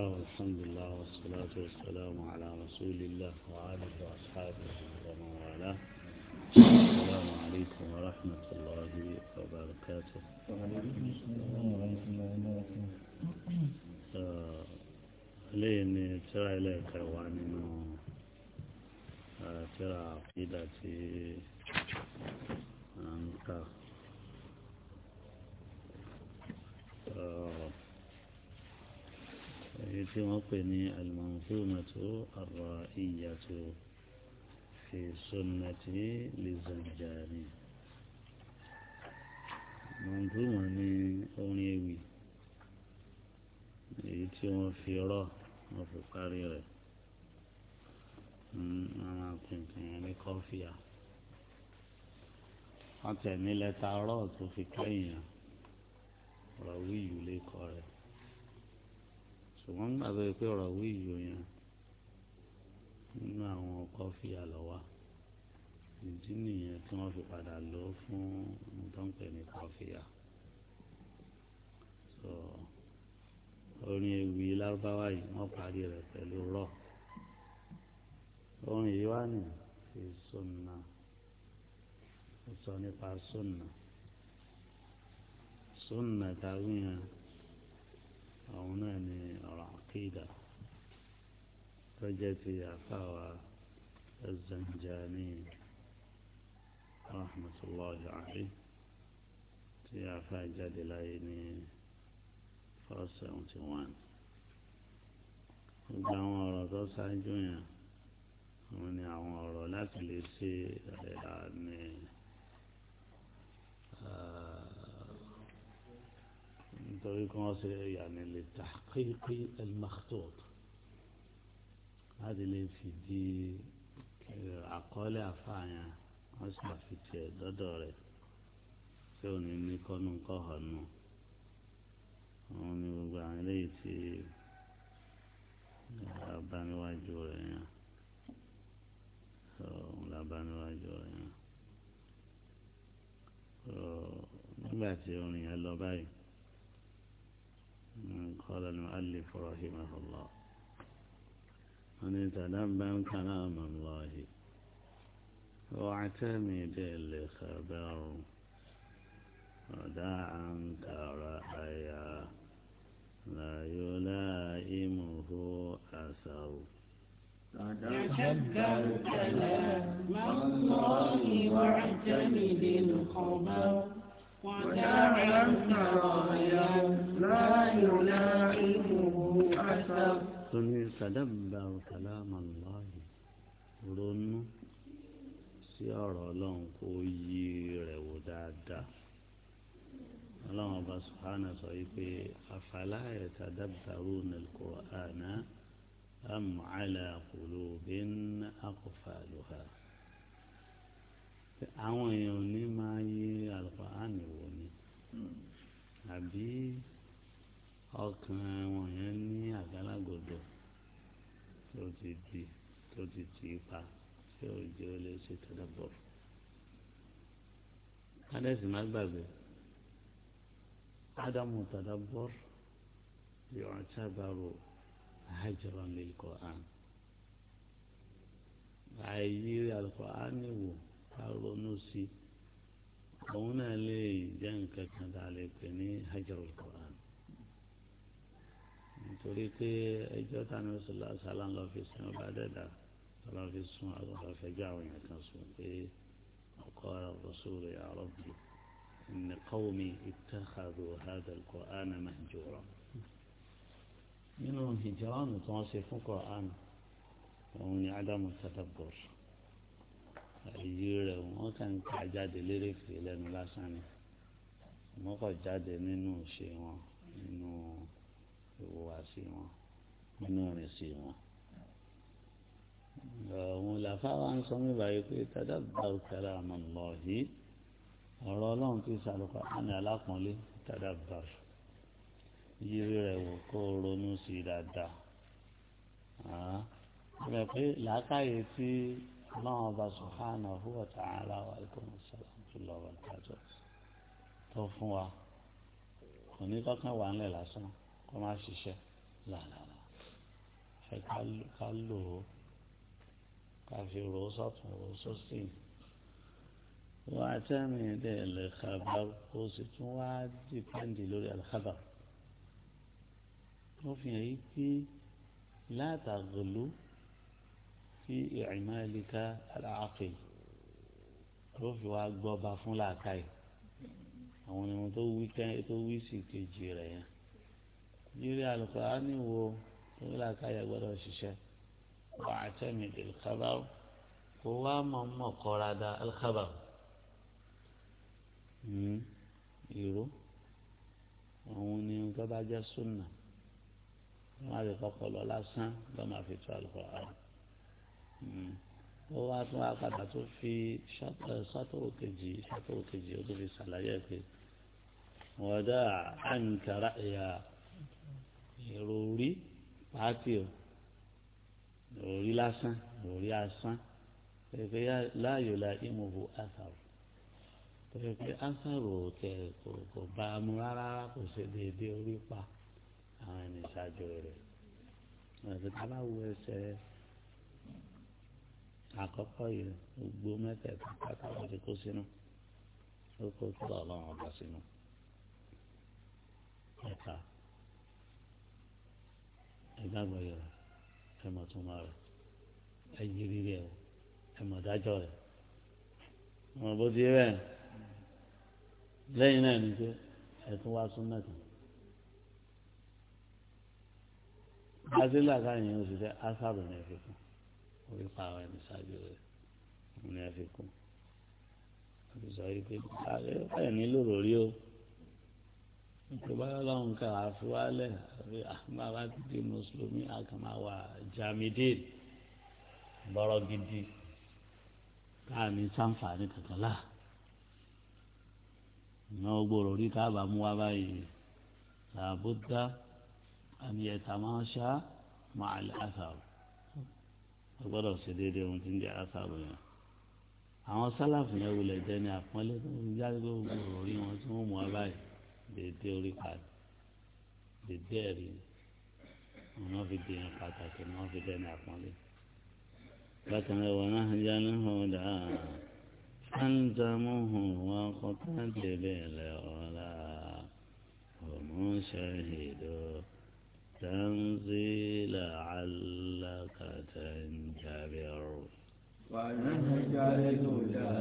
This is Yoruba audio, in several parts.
الله والحمد لله والصلاة والسلام على رسول الله وآله وأصحابه ومن والاه السلام عليكم ورحمة الله وبركاته السلام ترى إليك وعنينو آه، ترى عقيدة عنك آه èyí tí wọ́n pè ní al-manzumatu ar-ra'iyatu fi sunnati lizanjani manzuma ní orin ewì èyí tí wọ́n fi rọ́ wọ́n fi parí rẹ̀ hmm, wọ́n máa pè ní kọ́fíà wọ́n tẹ̀ ní lẹ́tà rọ́ọ̀ tó fi kẹ́yìn rọ̀ wíyù lẹ́kọ̀ọ́ rẹ̀ ṣùgbọ́n nígbà tó yẹ pé ọ̀rọ̀ wí ìyó yẹn nínú àwọn ọkọ̀ fìyà lọ́wọ́ ìdí nìyẹn tí wọ́n fi padà lọ fún nǹkanpẹ̀ ní kọfíà so orin ewì lárúbáwá yìí wọ́n parí rẹ̀ pẹ̀lú rọ̀ orin yìí wá ní fi sunna sọ nípa sunna sunna tàbí yẹn àwọn náà ni ọ̀rọ̀ àkídà tó jẹ́ ti àfáwà ẹ̀zẹ̀njáni rahmatulahi alayhi tí àfáà jáde láyé ní four seventy one gbogbo àwọn ọ̀rọ̀ tó ṣáájú yẹn àwọn ni àwọn ọ̀rọ̀ láti lè ṣe àmì. Uh, eh, nítorí kí wọ́n ṣe yàní lè tàkìkì elmakhtot láti lè fìdí àkọọ́lẹ̀ àfààyàn wọ́n sì àfitì ẹ̀ dọ́dọ̀ rẹ̀ tí ò ní ní kọ́nù kọ́họ̀ nù àwọn ní gbogbo àwọn eléyìí tí abániwájú rẹ̀ yàn ọ̀hún labániwájú rẹ̀ yàn nígbà tí orin yẹn lọ báyìí. قال المؤلف رحمه الله من يتنبأ كلام الله واعتمد الخبر ودع ترى حيا لا يلائمه أثر تذكر كلام الله واعتمد الخبر Tóní sàdábàrù kàlámà láàyè ronú sí ọ̀rọ̀ ọlọ́run kó yí rẹ̀ wò dáadáa. Ọlọ́run ọba Sùhánà sọ wípé àfàlà ẹ̀tàdàbàrù nàìjíríà náà àmàlà kùlùbí ń àkọ́fà lóhàá àwọn èèyàn ò ní máa yẹ àlùfáàní wò ni àbí ọkàn wọn yẹn ní àgálágodo tó ti di tó ti tì í pa tí ò jẹ́ ó lè ṣe tẹ́lẹ̀ kádẹ́sì má gbàgbé ádámù tàdá bọ́ọ̀rù yóò ṣàbàrò àjọrọ̀ nílùkọ́ àn. àìyí àlùkò wò. ونوسي هنا لي جانك كانت عليك بني يعني هجر القرآن تريكي أجوت عن رسول الله صلى الله عليه وسلم بعد ذلك صلى الله عليه وسلم أظهر فجعوا إنك وقال الرسول يا ربي إن قومي اتخذوا هذا القرآن مهجورا منهم هجران وتواصفوا القرآن ومن عدم التدبر èyí rẹ̀ wọ́n kàn ká jáde lérèfé lẹ́nu lásán ni wọ́n kàn jáde nínú ìṣe wọn nínú ìhùwàsí wọn nínú ìrìnsì wọn. àwọn làfáwà ń sọ mí báyìí pé tadabbaru kalamallahi ọ̀rọ̀ ọlọ́run ti sàlùkọ àmì alápọ̀nlé tadabbaru yírí rẹ̀ wò kó ronú sí i dáadáa. àmì pé làákàyè tí ọlọ́run ọba subhanahu wa ta'ala wa aleykum salaam ṣùlọ wa kájọ tó fún wa kò ní kọ́kàn wà nílẹ̀ lásán kó má ṣiṣẹ́ làlàlà ẹ ká lò ó ká fi rò ó sọ́tún rò ó sósì wọ́n atẹ́mi dẹ̀ lè xabar kó sì tún wá dìpẹ́ndì lórí alxabar wọ́n fi hàn yí pé látàgòló fi ìrìnàlíkà àlàáfíì ló fi wá gbọ́ba fún làákàyè àwọn ohun tó wí kẹ́ tó wí sí kejì rẹ̀ yẹn jírí Al-Qur'ani wo lórí làákàyè gbọ́dọ̀ ṣiṣẹ́ wà á tẹ̀mí al-khabar kó wá mọ̀ mọ̀ kọ́ra da al-khabar ìró hmm, òun ni nǹkan bá jẹ́ sunna wọ́n á lè kọ́kọ́ lọ lásán lọ́mọ àfitọ́ Al-Qur'ani ó wá tún wá tó fi sátòrò eh, kejì sátòrò kejì ó tó fi ṣàlàyé pé wọ́dà ànkàrà ẹ̀yà èrò orí pàtì o èrò orí lásán èrò orí asán pẹ̀pẹ́ láàyò la ìmọ̀bù àtàrò pẹ̀pẹ́ àtàrò tẹ̀ kò bá a mú rárá kò ṣe déédéé orí pa àwọn ènìyàn ṣáájú rẹ̀ ẹ̀sìn tá a bá wo ẹsẹ̀ rẹ̀ àkọ́kọ́ yìí gbogbo mẹ́tẹ̀ẹ̀ta pátá wọ́n ti kó sínú ó kó tó ọlọ́run ọba sínú ẹ̀ka ẹ̀gbàgbọ́ yìí rẹ̀ ẹ̀mọ̀ tó máa rẹ̀ ẹ̀yìn rírẹ̀ o ẹ̀mọ̀ dájọ́ rẹ̀ ọmọ bó ti rẹ̀ lẹ́yìn náà ni pé ẹ̀tún wá sún mẹ́tàn. Adélàkà yìí ó sì fẹ́ ásáàbù ní ẹ̀fẹ̀ fún un orí pa àwọn ẹni ṣáájú rẹ̀ òun ni a fi kún a fi sọ yìí pé báyìí nílò lórí o ìjọba ọlọ́run ká àfiwálẹ̀ àmàlà dídì mùsùlùmí àkàmàwà jamidin bọ́rọ̀ gidi káàní sáǹfààní kankan láà ìná gbòòrò rí káàbà mú wá báyìí làbúdá àmì ẹ̀ta máa ń ṣá máa lè àṣà rẹ̀ a gbọ́dọ̀ ṣe déédéé ohun tí ń jẹ́ asáàrò yẹn àwọn sálàfù yẹn wulẹ̀ jẹ́ ní àpọ́nlé tó ń jáde gbogbo orí wọn tí wọ́n mú wa báyìí déédéé orí pàdé déédéé ẹ̀rí wọn fi di yẹn pàtàkì wọn fi dẹ́ni àpọ́nlé bákan náà wọn náà ń jáde hàn dáa fántámúhùn wọn kọ́tà délé lẹ́ọ̀ọ́lá òmùsẹ̀ hìdó. تنزيل علك تنكبر ونهج الهدى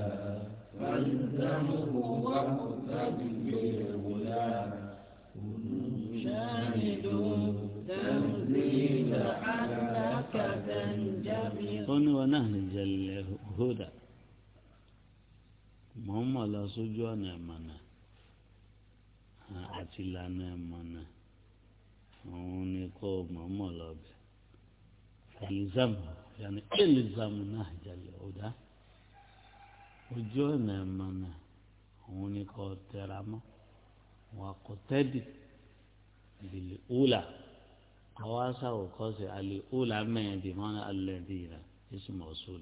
فالزمه واقتدي بالهدى شاهد ونهج الهدى محمد الله سجوانا آه، منا àti ìlànà هوني قوم مولا به فالزم يعني الزم نهج اليهودا وجونا من هوني قوترم وقتد بالأولى قواسا وقوس الأولى من دمان الذين اسم رسول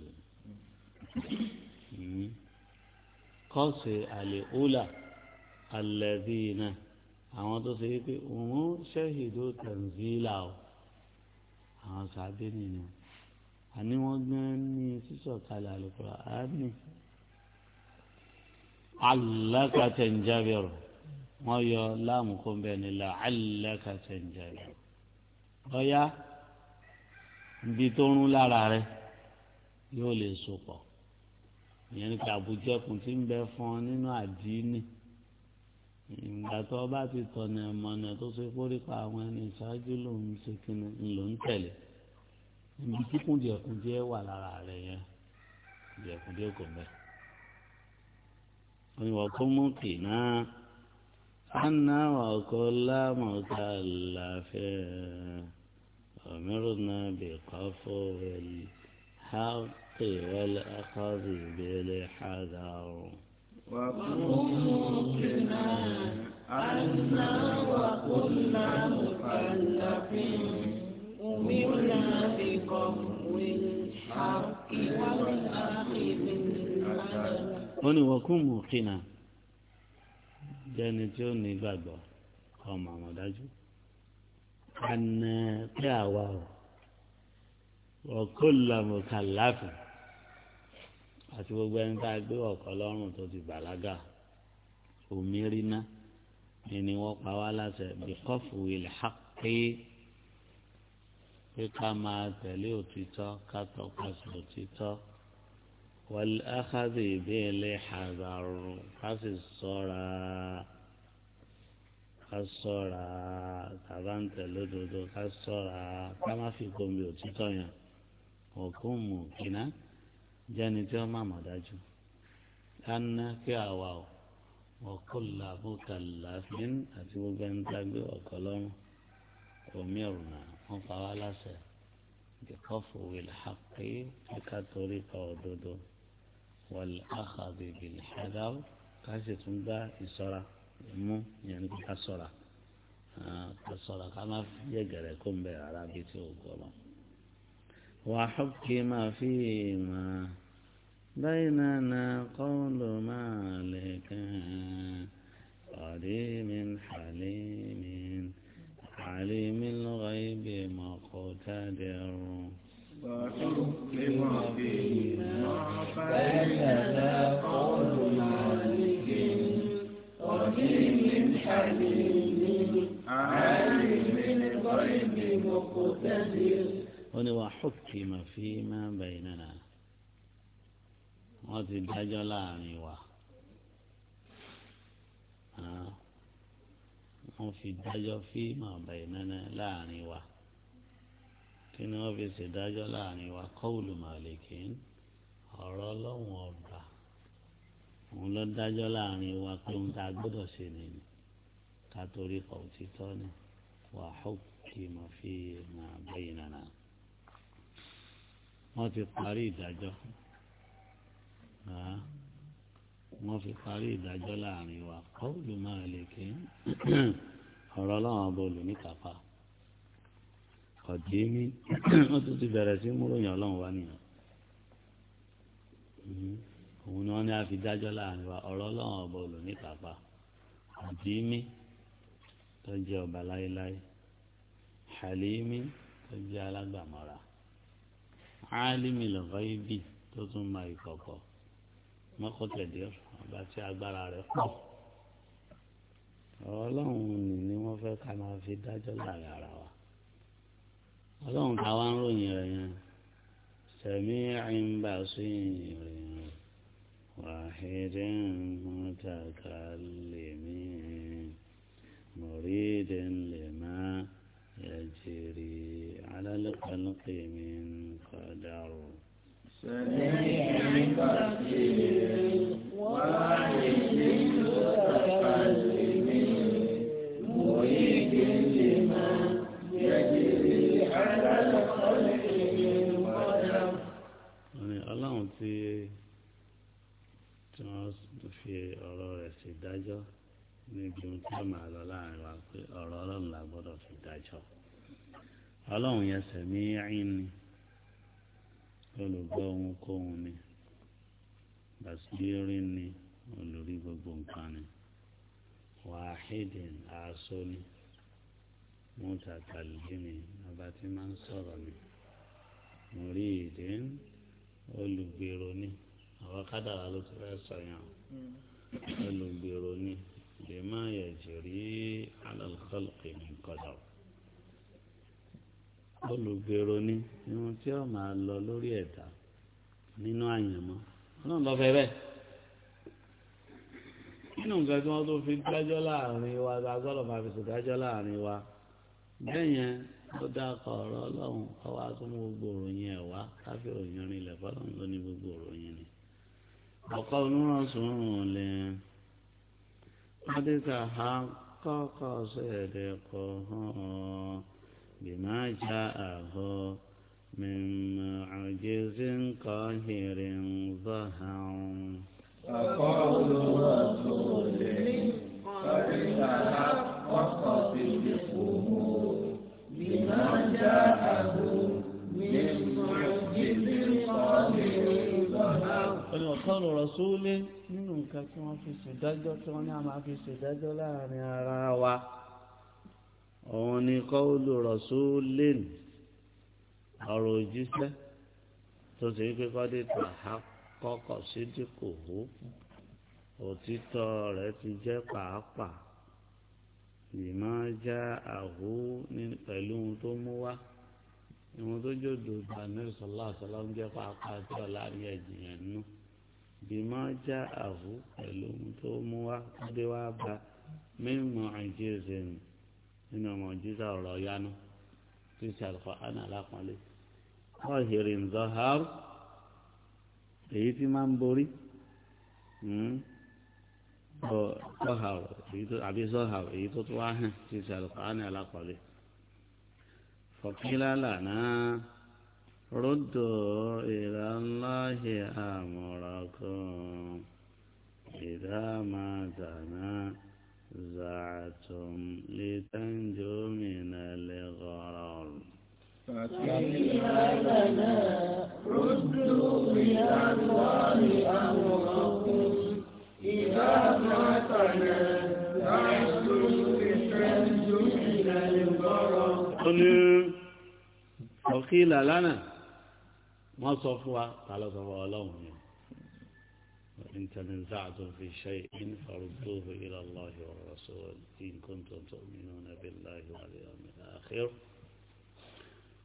قوس الأولى الذين àwọn tó ṣe wípé òun ṣẹ́hìndó tẹ̀síìlà o àwọn sàbẹ̀ nìyẹn àní wọ́n gbọ́n ní sísọ̀kalẹ̀ àlùkòrò àánì alákàtẹ̀njábẹ̀rọ̀ wọ́n yọ láàmù kó ń bẹ́ẹ̀ nílà alákàtẹ̀njábẹ̀rọ̀ ọ̀yá ibi tó ń lára rẹ yóò lè sopọ̀ ìyẹn ní pé àbújẹ́kùn ti ń bẹ fún ọ nínú àdínì. No ìgbà tó bá ti tọ̀nà ìmọ̀nà tó ṣe kórìkà àwọn ẹni ìṣáájú ló ń ṣe kíni ló ń tẹ̀lé ibi tí kùdìẹ̀kùdìẹ̀ wà lára rẹ̀ yẹn kùdìẹ̀kùdìẹ̀ kò mẹ́. wọ́n kó mú kì náà anna ọkọ lámọ̀ká láfẹ́ ọ̀mírùnà bìkọ́ fún ẹ̀lì hàpẹ̀ wọlé akọ́bí bẹ́lẹ̀ hàdàrún. وكفنا عنا وكل مكلف أمرنا بقبو الحق والأخذ بالعدل wọ́n ní wọ́n kún mú kínà jẹ́ni tí ó ní gbàgbọ́ ọmọ àwọn dájú àná pé àwa ò wọ́n kó làmùkà láàfin àti gbogbo ẹni tá a gbé ọ̀kọ́ lọ́rùn tó ti bàlágà omi ríná ni wọ́n pa wá láṣẹ bí kọ́fù ilẹ̀ ha pé pé ká máa tẹ̀lé òtítọ́ ká tọ́ka sí òtítọ́ wọ́n ákàdé ìbéèlè àdàrú ká sì sọ́ra ká sọ́ra tàbá ń tẹ̀lé òdodo ká sọ́ra ká má fi gbomi òtítọ́ yẹn òkú mú kíná jẹ́ni tí wọ́n má mọ̀ dájú dáná kí àwa ò wọ́kọ́lá mọ́kànláfín àti gbogbo ẹni tá a gbé ọ̀kọ́ lọ́rùn omi ọ̀rùnà wọ́n pa wá láṣẹ ìkọ́fù wìlhàkì kíkà torí pa òdodo wàlàkàdì bìlhàdáw ká sì tún gbá ìṣọ́ra mú ìyẹn ní ká ṣọ́ra ká ṣọ́ra ká má yẹ gẹ̀rẹ́ kó ń bẹ̀ rárá bí tí ò gbọ́ lọ́wọ́. وحكم فيما بيننا قول مالك قديم حليم عليم الغيب مقتدر وحكم فيما بيننا قول مالك قديم حليم عليم الغيب مقتدر ó ní wàá xókè mà fi máa bẹ̀yìn náà wọ́n ti dájọ́ láàrin wa wọ́n fi dájọ́ fi máa bẹ̀yìn náà láàrin wa kí ni wọ́n fi ṣèdájọ́ láàrin wa kọ́wùlù màlìkì ọ̀rọ̀ ọlọ́run ọba òun ló dájọ́ láàrin wa pé ohun tá a ṣe nìyí ká torí kọ̀ òtítọ́ ni wàá xókè mà fi wọ́n ti parí ìdájọ́ wọ́n fi parí ìdájọ́ láàrin wa kọ́ọ̀lù máa lè ké ọ̀rọ̀ ọlọ́run ọba olùníkàfà ọ̀dí mi wọ́n tún ti bẹ̀rẹ̀ sí múròyìn ọlọ́run wa nìyẹn hmm. òun ni wọ́n ní a fi dájọ́ láàrin wa ọ̀rọ̀ ọlọ́run ọba olùníkàfà ọ̀dí mi tó jẹ́ ọba láéláé Halimi tó jẹ́ alágbàmọ́ra. عالم الغيب تزم ما يكفى ما قتدر بس أقبل عرفه ọlọ́run ni wọ́n fẹ́ ká máa fi dájọ́ láàrin ara wa ọlọ́run ká wá ń ròyìn rẹ̀ yẹn sẹ̀mí àyínbá sí ìrìn wàhídẹ́ mọ́tàkà lèmi mọ̀rídẹ́ lèmá yẹjẹrì alálẹ́kọ̀ọ́lọ́kẹ̀mí. قدر سميع بصير واعز المتكلم مهيج fi ọ̀rọ̀ rẹ̀ sí dájọ́ níbi ohun tí ó máa lọ láàrin wa pé ọ̀rọ̀ ọlọ́run la gbọ́dọ̀ fi dájọ́ ọlọ́run yẹn sẹ̀mí ẹ̀yìn ni olùgbọ́ ohunkóhun ni bàṣírí ni olórí gbogbo nǹkan ni wàhídìn aṣọ ni mọ́tàkàlì ni bàbá tí máa ń sọ̀rọ̀ ni mùrídìn olùgbèrò ni àwọn kádàrà ló ti fẹ́ sọ hmm. olùgbèrò ni lè má yẹ jìrì alàlùkọ́lùkì ní kọ́dà olùgbèrò ni irun tí ó máa lọ lórí ẹ̀dá nínú àyànmọ́ ọlọ́run lọ fẹ́ bẹ́ẹ̀ nínú nǹkan tí wọ́n tó fi dájọ́ láàrin wa tá a gbọ́dọ̀ máa fi ṣèdájọ́ láàrin wa bẹ́ẹ̀ yẹn ó dákọ̀ ọ̀rọ̀ ọlọ́run ọwọ́ atúmọ̀ gbogbo òròyìn ẹ̀ wá káfí òròyìn rìn lẹ̀ fọlọ́run ló ní gbogbo òròyìn ni ọ̀kọ́ oníràn sùúrùn lẹ̀ adéka ha kọ́kọ́ sẹ́ẹ̀dẹ̀ kọ̀ọ̀hán. بما جاءه من معجز قاهر ظهر فقول رسول فإن حقق صدقه بما جاءه من معجز قاهر ẹni ọ̀tọ́rọ̀ rọ̀súlé nínú nǹkan tí wọ́n fi ṣèdájọ́ tí wọ́n ní a máa fi ṣèdájọ́ láàrin ara wa òun ni kọ́ọ̀lù rọ̀ṣúlìn ọ̀rọ̀ òjíṣẹ́ tó ṣe wípé kọ́dé tó àkọ́kọ́ sídìkò hó òtítọ́ rẹ̀ ti jẹ́ pàápàá ìmọ̀ já àhó pẹ̀lú ohun tó mú wá ìwọ̀n tó jòdò daniel sọlá sọlá ń jẹ́ pàápàá tí ọ̀la rí ẹ̀jìyàn nù bìmọ̀ já àhó pẹ̀lú ohun tó mú wá kọ́dé wá bá mímọ̀ àjẹsẹ̀ nù nínú ọmọ jíjà ọ̀rọ̀ yánú tí ń ṣe àlùkò àná alápọ̀nlé ọ̀hìrì ń zọ́hárù èyí tí máa ń borí zọ́hárù àbí zọ́hárù èyí tó tó wá hàn tí ń ṣe àlùkò àná fọ̀kílá lànà rúdò ìlànláhì àmọ̀ràn kan ìdá máa dànù. زعتم لتنجوا من الغرر فكيف لنا ردوا إلى الله أمركم إذا ماتنا نعشوا لتنجوا من الغرر وقيل لنا ما صفوا قال صفوا الله وإن تنزعتم في شيء فردوه إلى الله والرسول إن كنتم تؤمنون بالله واليوم الآخر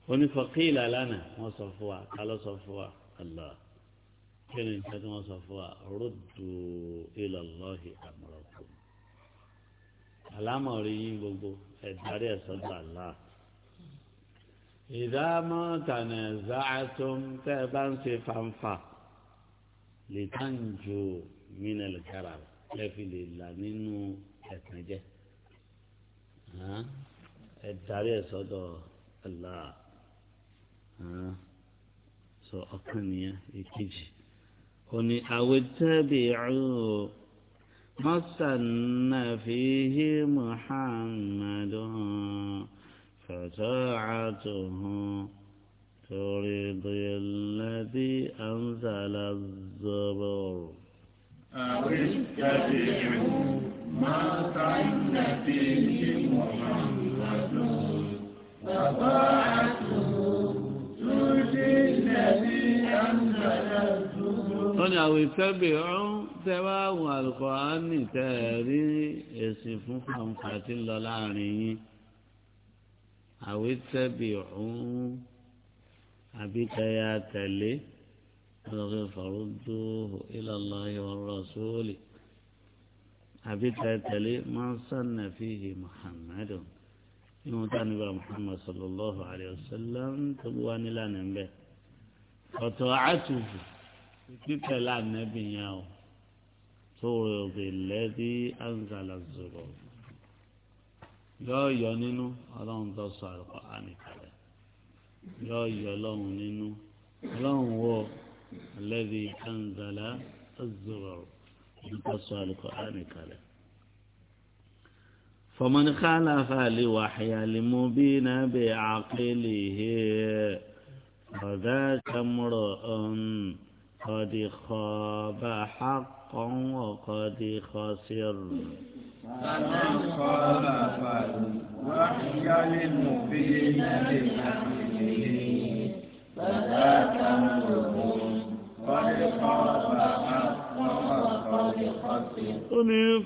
وني فقيل لنا وصفوا قال صفوا الله كان كان وصفوا ردوا إلى الله أمركم الأمر يبغوا الدار صدق الله إذا ما تنزعتم تبان في lè tánjú mínẹ́lì kára ẹ fi lè là nínú ẹ̀sìn jẹ́ ẹ darí ẹ sọ́dọ̀ ẹ̀là sọ ọkàn nìyẹn ìkejì òní àwòtẹ́bì ọ̀hún mọ́sánná fi muhammadu fẹ̀tọ́ àtúhùn. تريد الذي أنزل الزبر أو اتبعوا ما تعن فيه محمد وطاعته تريد الذي أنزل الزبر wọ́n ni àwọn ìtẹ́bẹ̀ ọ́n tẹ́wà àwọn Al-Kùránì tẹ́ẹ̀rí èsì fún fàǹfà tí ń lọ láàrin yín àwọn ìtẹ́bẹ̀ ọ́n àbí kẹyà tẹ̀lé ọlọ́fẹ́ farudduhu ila Allahi wa rasuli àbí kẹyà tẹ̀lé ma sanna fihi Muhammadu ìwọ̀n tá nígbà Muhammad sallallahu alayhi wa sallam tó bí wá nílànà ń bẹ̀ ọ̀tọ̀ àtúfù títẹ̀ lánàbì yẹn o tó rẹ̀ òbẹ̀lẹ́ bí anzala zọ̀rọ̀ yọ nínú ọlọ́run tó sọ àlùkò ànìkàlẹ̀. yóò yọ لون هو الذي أنزل alẹ́bí kanzala azọrọ nípa sọ فمن خالف لوحي المبين بعقله فذاك امرؤ قد خاب حقا وقد خسر فمن خالف وحي المبين بعقله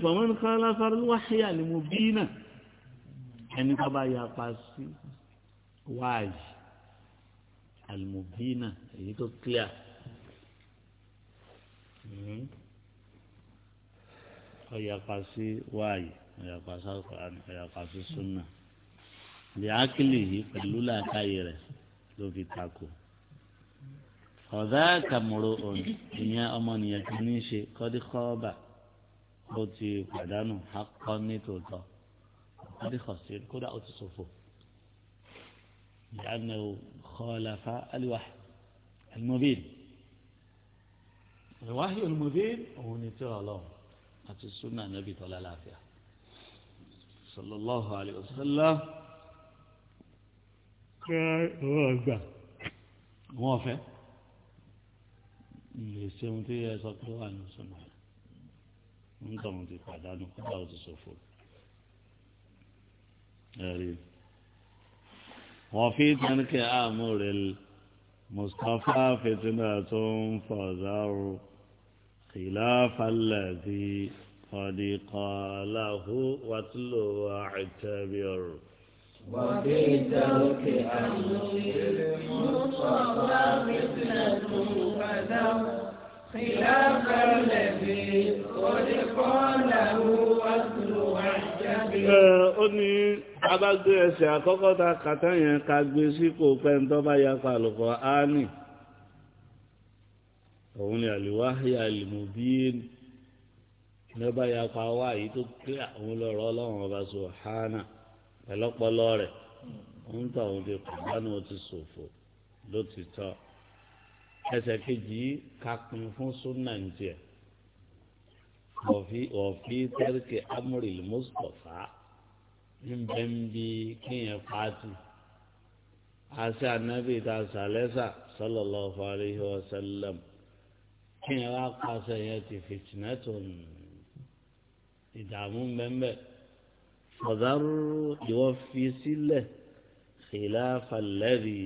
فمن خالف الوحي المبين يعني كبا يا قاسي واج المبين يتو كليا يا قاسي واي يا قاسي القرآن يا قاسي السنة لعقله قلولا كايرة لو في تاكو فذاك مرؤون دنيا أمان يكنيشي قد خواب خوتي قدان حقا نتوتا قد خسر قد أتصفه لأنه خالف الوحي المبين الوحي المبين هو نتوى الله أتي السنة نبي طلال العافية صلى الله عليه وسلم موافق ìṣe ohun tí yẹ sọ pé wà ní sọnà ń tọ̀hún ti pàdánù kódà ó ti ṣòfò ẹ̀rí wọ́n fi tẹ́ńkì àmúrè mustapha fitina tó ń fọ̀záru khilafa alladhi qad qalahu wàtúlò àìtẹ́bíọ̀rù. وفي ترك أمر المصطفى فتنة فدم خلاف الذي قد قاله أصل ó ní abágbé ẹsẹ̀ àkọ́kọ́ ta kàtá yẹn ká gbé sí kò bá ya pa áánì òun ni àlùwáhì àlùmùbíyìn ní bá ya pa wá yìí tó kílà òun lọ́rọ̀ ọlọ́run ọba sùhánà ẹlọ́pọlọ rẹ̀ ń tọ́ àwọn ti pàdánù ó ti ṣòfò ló ti tọ́ ẹsẹ̀ kejì yìí kakùn fún súnà ń tiẹ̀ ọ̀fi tẹ́ríkì amúrìlì mustapha ń bẹ́ ń bi kéèyàn pàtì àṣẹ ànábì tá a sàlẹ́sà sallallahu alayhi wa sallam kéèyàn wá pàṣẹ yẹn ti fìtìnẹ́tò ìdààmú mbẹ́mbẹ́ fọ̀dárù ìwọ fi sílẹ̀ xìlá falẹ́rì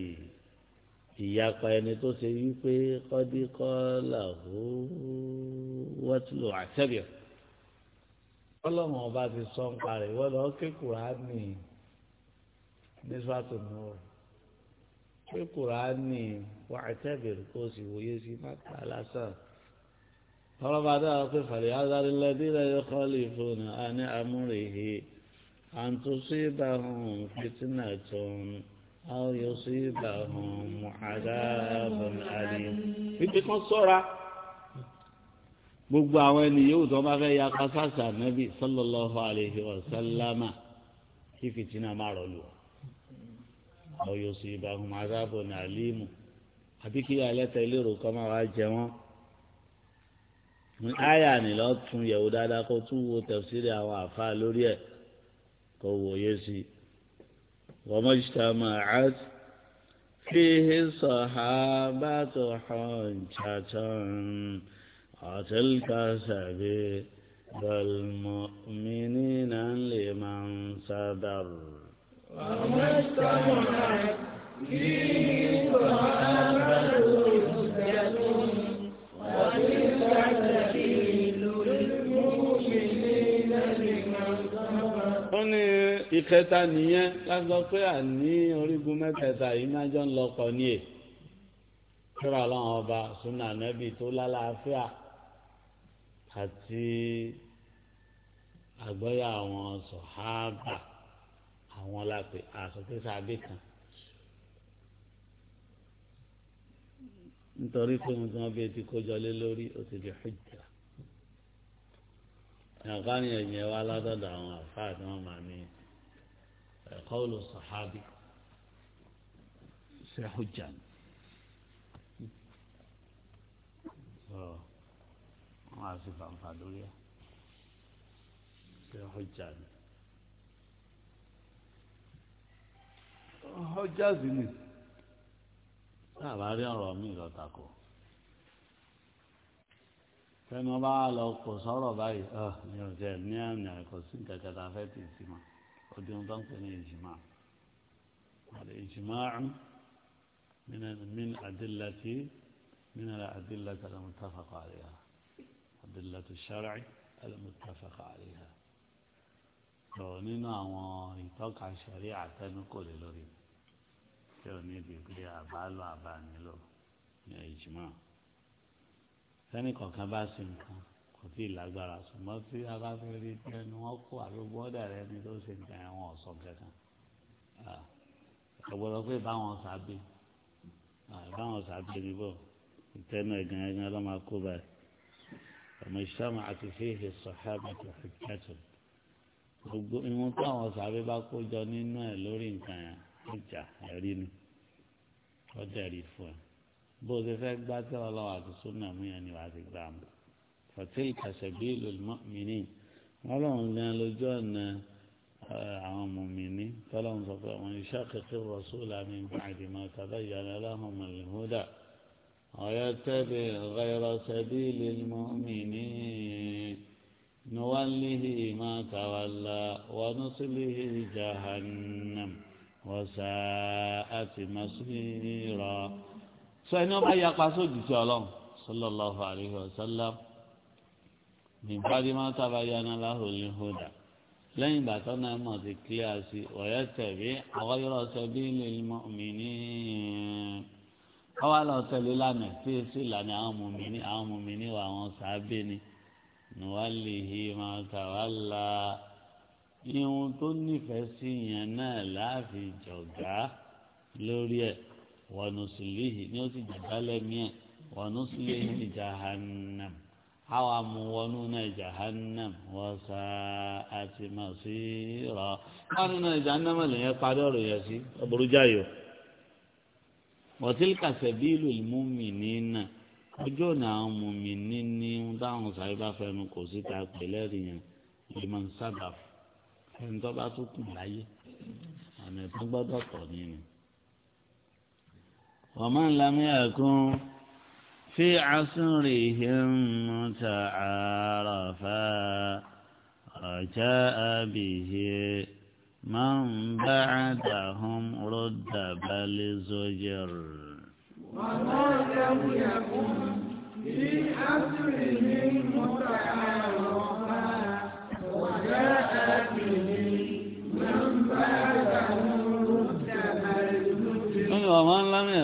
ìyapa ẹni tó ṣe wípé kọ́díkọ́ làwọ́ wọ́túlù àṣẹ́bíọ̀ ọlọ́run ọba ti sọ ń parẹ́ ìwọ lọ kí kùránì ní sọ́tò náà kí kùránì wà àṣẹ́bíọ̀ kó sì wòye sí máta lásán. فربع ذلك فليعذر الذين يخالفون عن أمره أن تصيبهم فتنة أو يصيبهم عذاب أليم ibi kan ṣọ́ra gbogbo àwọn ènìyàn yóò tó bá fẹ́ ya kásáàsà nàbì sallallahu alayhi wa sallama kí fìtínà má rọ̀ lù ọ́ yusibahum adhabun alim àbí kí alẹ́tẹ̀ lérò kọ́ máa wá jẹ wọ́n. áyà nìlọ́ tún yẹ̀wò dáadáa kó tún wo tafsiri àwọn àfa lórí ẹ̀. قويسي وما اجتمعت فيه الصحابة حجة وتلك سبيل المؤمنين لمن صدر وما اجتمعت فيه لمن صدر ìkẹta nìyẹn lásán pé àní orígun mẹ́tẹ̀ẹ̀ta yìí máa jọ ń lọkọ ní è kíra ọlọ́run ọba súnà nẹ́bì tó lálàáfíà àti àgbọ́yà àwọn sọ̀háàbà àwọn lápè àsọtẹ́sà abẹ́ kan. nítorí pé mo ti wọn bí etí kójọ lé lórí ó ti di hujja ẹ̀ka ni ẹ̀yìn ẹ̀ wá àwọn àfáà tí wọ́n máa ní. قول الصحابي سيحجان ما أعرف عن فادوليا سيحجان حجازي ني náà bá rí ọ̀rọ̀ mi lọ́ta kọ tẹnu bá lọ kò sọ̀rọ̀ báyìí ọ mi ò ní àmì àìkọ́sí nǹkan kẹta fẹ́ tì sí ma. قد ينظمتنا إجماع هذا إجماع من من أدلة من الأدلة المتفق عليها أدلة الشرع المتفق عليها كونينا نعم، ويتوقع الشريعة تنقل لهم كوني دي قلي أبال وأباني له من إجماع ثاني قوكا باسم kò tí ì lágbára ṣùgbọ́n tí a bá fẹ́ rí pé kó àlógún ọ̀dà ni tó ṣe nǹkan ẹ̀wọ̀n ọ̀sán kankan ọ̀gbọ́dọ̀ pé báwọn sábẹ́ báwọn sábẹ́ níbọ̀ ìtẹ́nu ẹ̀gàn ẹ̀gàn ló máa kó báyìí ọmọ ìṣàmù àti fífi sọ̀hábà tó fi kẹ́tù gbogbo ìwọ̀n táwọn sábẹ́ bá kó jọ nínú ẹ̀ lórí nǹkan yẹn ọjà ni ọjà ẹ̀rí fún ẹ bó o ṣe fẹ́ gbá tẹ́ ọlọ́wà àti súnmọ̀ mú yẹn ni wàá ti gbà mọ́. فتلك سبيل المؤمنين ولهم gan lójú آه، عام àwọn mùmíní من يشاقق الرسول من بعد ما تبين لهم الهدى ويتبع غير سبيل المؤمنين نوله ما تولى ونصله جهنم وساءت مصيرا سيدنا ẹni ọba ان شاء الله صلى الله عليه وسلم nígbàdí máa tabayana láhùlí hódà lẹ́yìn ìgbà tó náà mọ̀ ti kílíà sí ọ̀yẹ́ tẹ̀lé àwọyọ̀rọ̀ sẹ́bí lil mu'minin káwá lọ tẹ̀lé lánàá tí èsì ìlànà àwọn mùmíní àwọn mùmíní wà wọn sàábé ni nùwálìhì máa tàwálà ihun tó nífẹ̀ẹ́ sí yẹn náà láàfin jọ̀gá lórí ẹ̀ wọnùsùlìhì ni ó sì jọ̀gá lẹ́mí ẹ̀ wọnùsùlìhì jahannam àwọn amúwọnú náà jahannam wọ́n sá àti masira wọ́n náà jahannam lèyẹn parí ọ̀rọ̀ yẹn sí ọ̀bùrú jáyò wa tilka sabilul mu'minina ojú ọ̀nà àwọn mùmíní ní ń dáhùn sáré bá fẹnu kò síta pẹ̀lẹ́ rí yẹn lè máa ń sábà ẹni tó bá tún kù láyé àmì tó gbọ́dọ̀ kọ̀ nínú. wọ́n máa ń lamí ẹ̀kún. في عصرهم تعارفا رجاء به من بعدهم رد بل زجر وما لم يكن في عصرهم متعارفا وجاء به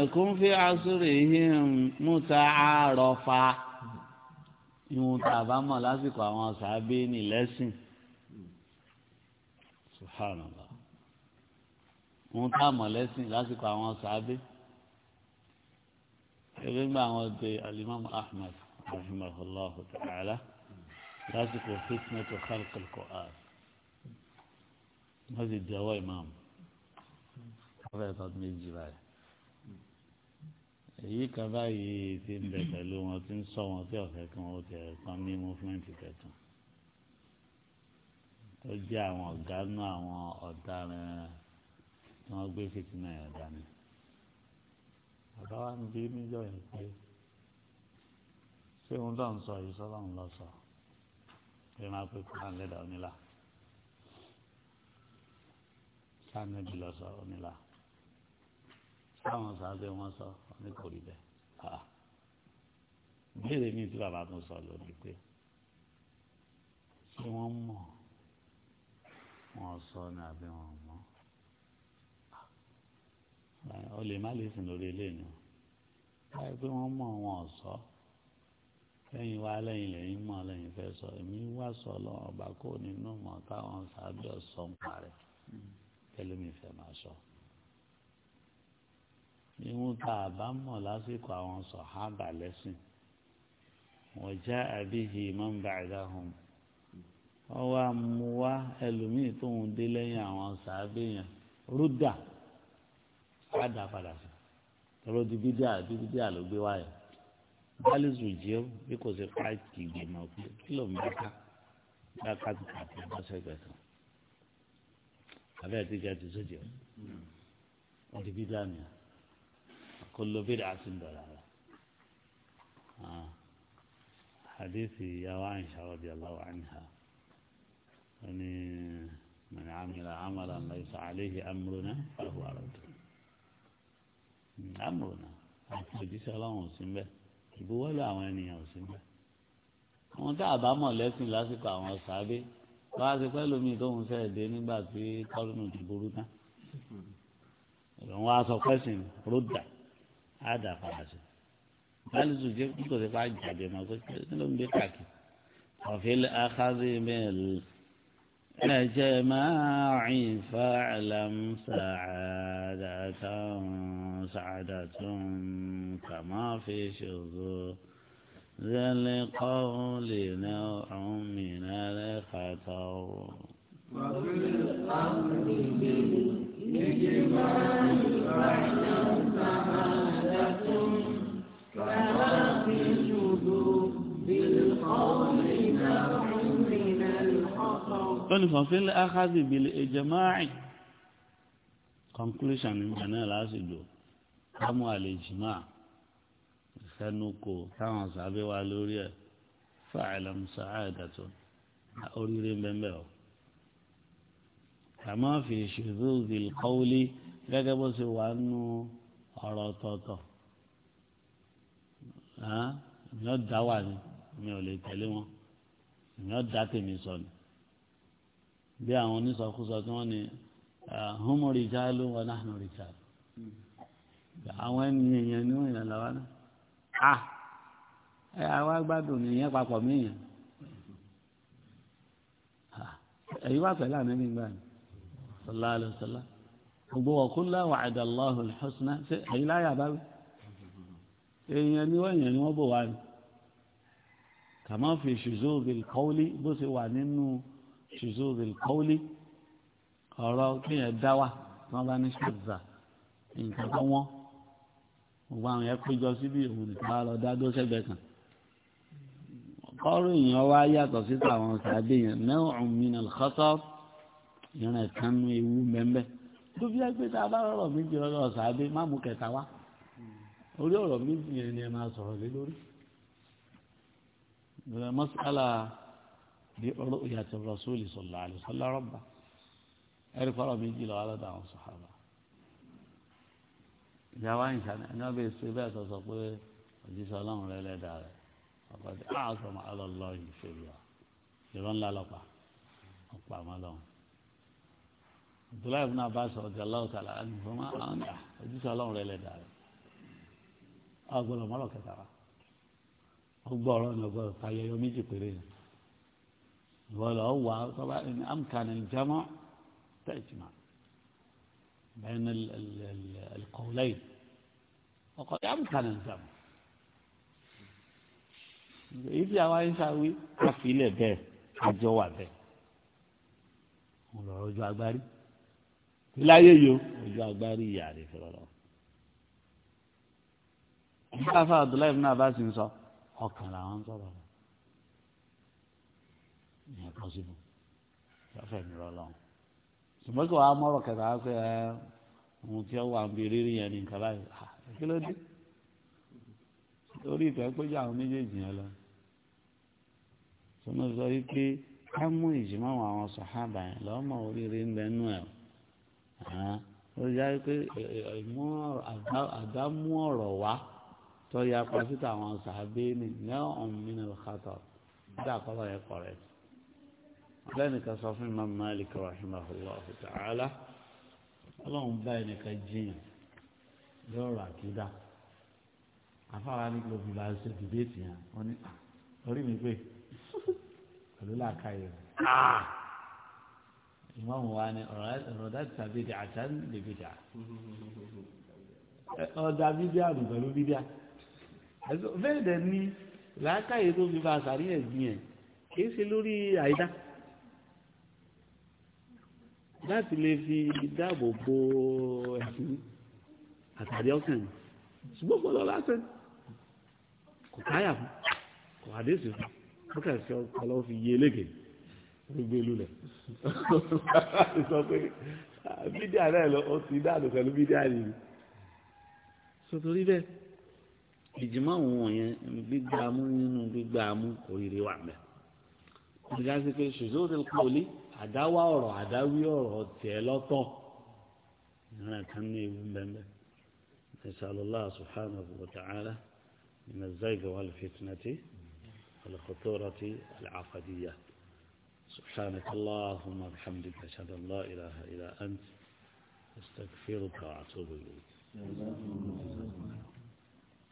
يكون في عصرهم متعارفا يمتابع ما لازم وما سابين لسن سبحان الله مُتَعَمَ لسن لازم يكون وما سابين ابن بعوض الإمام أحمد رحمه الله تعالى لازم يكون فتنة خلق القرآن هذه الدواء إمام هذا تضمين جبالي èyí kan báyìí ti ń bẹ pẹ̀lú wọn ti ń sọ wọn tí ọ̀fẹ́ kan ó ti ẹ̀kan ní múfúmẹ́ǹtì kẹtàn tó jẹ́ àwọn ọ̀gá nú àwọn ọ̀daràn tí wọ́n gbé fìtínà yẹn dání. bàbá wa ń bí níjọ́ yẹn pé ṣé òun lọ́n sọ yìí sọ́lọ́run lọ sọ ìran pé kúrán lẹ́dà onílà sáà níbi lọ onílà táwọn sábẹ́ wọn sọ ní kò rí bẹ́ẹ̀ ah. béèrè mi tí bàbá tó sọ lónìí pé ṣé wọ́n mọ̀ wọ́n sọ ní abẹ́ wọn mọ́ ọ lè má lè sìn lórí ilé ni báyìí pé wọ́n mọ̀ wọn sọ lẹ́yìn wá lẹ́yìn lẹ́yìn mọ̀ lẹ́yìn fẹ́ sọ èmi wá sọ lọ́wọ́ ọba kó nínú mọ̀ táwọn sábẹ́ ọ̀sán parẹ́ pẹ̀lú hmm. mi fẹ́ máa sọ ihun tá a bá mọ̀ lásìkò àwọn sọ̀hábà lẹ́sìn wọ́n já àbíhi man ba'dahum wọ́n wá mú wá ẹlòmíì tó ń dé lẹ́yìn àwọn sàábé yẹn rúdà padà padà sí tọ́lọ́ di bídíà bí bídíà ló gbé wáyà bálísù jẹ́ bí kò sí pààkì ìgbìmọ̀ pé kí ló ń bá ká bá ká ti pàtó bá sẹ́gbẹ̀ẹ́ tán abẹ́ẹ̀ tí gẹ́gẹ́ ti sójú ọ́ di bídíà nìyẹn. كل بدعة ضلالة آه. حديث يا عائشة رضي الله عنها يعني من عمل عملا ليس عليه أمرنا فهو رد أمرنا àtúndìsí الله وسنبه، sí mbẹ́ ìbuwọ́lẹ̀ àwọn ènìyàn ò sí mbẹ́ àwọn tá a bá mọ̀ lẹ́sìn lásìkò àwọn sàábé bá a ti pẹ́ lómi tóun fẹ́ dé nígbà tí kọ́lùnù ti burú tán òun wá sọ pẹ́sìn ròdà àádà padà sí báyìí lóṣù jẹ́ kí kò sí pa ìjàdé máa pé kí ló ń gbé káàkiri ọ̀fìn àkàzí mẹ́rin جماع فاعلم سعادة سعادة كما في شذوذ القول نوع من الخطر وفي الأمر بالإجماع فاعلم فلا تجدوا بالقول نوع من الحطب قل ففي الأخذ بالإجماع conclusion ìgbàna lásìdò kámú àlèjìmá ìfẹnukò táwọn sábẹ wa lórí ẹ fàìlàm sàáàdàtò oríire mbẹmbẹ o kàmáfi ṣùgbọ́n ìlkọ́wọ́lì gẹ́gẹ́ bó ṣe wà nù ọ̀rọ̀ tọ̀tọ̀ èmi ọ̀ dá wà ní mi ò lè tẹ̀lé wọn èmi ọ̀ dá tèmi sọ ni bí àwọn onísọkúsọ tí wọ́n ní homo rìjálù wọn náà nù rìjálù àwọn ènìyàn yẹn ní òyìnbó làwọn náà ẹ àwa gbádùn nìyẹn papọ̀ mí yẹn èyí wà pẹ̀lú àmì nígbà ni sallallahu alaihi wasallam gbogbo ọ̀kúnlá wa'ada Allahu al ṣe èyí láyà bá wí èèyàn ni wọ́n èèyàn ni wọ́n bò wá ni kàmá fi ṣùzúùdìl kọ́ọ́lì bó ṣe wà nínú ṣùzúùdìl kọ́ọ́lì ọ̀rọ̀ kéèyàn dá wà tí wọ́n bá ní ṣùzà nǹkan tó wọ́n gbogbo àwọn yẹn péjọ síbi òun nìkan á lọ dá dó sẹ́gbẹ̀ẹ́ kan kọ́ọ̀rù èèyàn wá yàtọ̀ síta àwọn sàdé yẹn náà min al-khatar ìrìn kan ewu mẹ́mẹ́ tó fi ẹgbẹ́ bá rọrọ̀ méjì lọ́dọ̀ sàdé orí ọ̀rọ̀ méjì yẹn ni ẹ máa sọ̀rọ̀ lé lórí bẹ̀rẹ̀ mọ́sálà bí ọ̀rọ̀ ìyàtọ̀ rasúlì sọ̀lá àlùsọ́lá rọ́bà ẹ̀rí pàrọ̀ méjì lọ́wọ́ alọ́dà àwọn sọ̀hábà ìyá wa ń ṣàní ẹni ọbẹ̀ ṣe bẹ́ẹ̀ tó sọ pé òjíṣẹ́ ọlọ́run rẹ lẹ́dà rẹ ọ̀pọ̀ tí a sọ ma alọ́lọ́ yìí ṣe wa ìrọ̀ ńlá lọ́pàá ọ̀pọ̀ àmọ́ lọ́wọ́ Abdullahi ibn Abbas ọ̀dẹ̀ aláwọ̀ tààlà ẹni fún àwọn ọ̀dà ọlọ́run rẹ lẹ́dà rẹ أقول ما لك ترى أقول أنا أقول طيب يوم يجي قرينا ولا هو طبعا إن أمكن الجمع تجمع بين ال ال ال القولين وقد أمكن الجمع إذا ما يساوي كفيلة به الجواب به ولا هو جواب باري لا يجو جواب باري يعني في الله nígbà fún Abdullahi ibn Abbas ń sọ ọkàn làwọn ń sọ̀rọ̀ rẹ̀ ìyẹn kọ́ síbu lọ́fẹ̀ẹ́ mi rọ lọ́wọ́ ṣùgbọ́n kí wàá mọ̀rọ̀ kẹta wá pé ẹ ohun tí ó wà ń bi rírí yẹn ní nǹkan báyìí ah, kí ló dé torí ìfẹ́ péjú àwọn méjèèjì yẹn lọ sọmọ sọ wípé ká mú ìjìmọ̀ àwọn sàhábà yẹn lọ́mọ oríire ń bẹ́ẹ̀ nù ẹ̀ ó yá pé àdámú ọ̀rọ̀ wá tọ́rí apasítà àwọn sàbẹ́ẹ̀nì náà ọ̀mìnà lọ́kàtọ̀ nígbà àkọ́kọ́ yẹn kọ̀rẹ́ lẹ́nìkan sọ fún Imam Malik rahimahullah ta'ala ọlọ́run bá ẹnìkan jiyàn lọ́rọ̀ àkídá afárá ní gbogbo ìlà ṣe dìbéètì yẹn wọ́n ní ah, orí mi pé pẹ̀lú làákàyè rẹ̀ ah! Imam wa ni ọ̀rọ̀ dájú tàbí ìdí àjá ń lè gbèjà ọ̀dà bíbíà pẹ̀lú bíbíà bẹ́ẹ̀ dẹ̀ ni làákàyè tó fi fa àṣàríyàn gbìn yẹn kìí ṣe lórí àìdá láti lè fi dáàbò bo ẹ̀sìn àtàrí ọkàn ṣùgbọ́n kò lọ lásán kò káyà fún kò àdéṣe fún ó kà sí ọpọlọ fi yé eléke gbogbo ìlú rẹ sọ pé ah, bídíà náà lọ ó ti dáàbò pẹ̀lú bídíà yìí sọ torí bẹ́ẹ̀. ìjìmọ̀ wọn yẹn gbígbà mú nínú gbígbà mú òyìnbó wà mẹ́. ìjà sí pé ṣùgbọ́n ó ti kú òlí àdáwà ọ̀rọ̀ àdáwí ọ̀rọ̀ tiẹ̀ lọ́tọ̀ ìran kan ní ewu bẹ́ẹ̀ نسأل الله سبحانه وتعالى من الزيغ والفتنة والخطورة العقدية سبحانك اللهم وبحمدك أشهد أن لا إله إلا أنت أستغفرك وأتوب إليك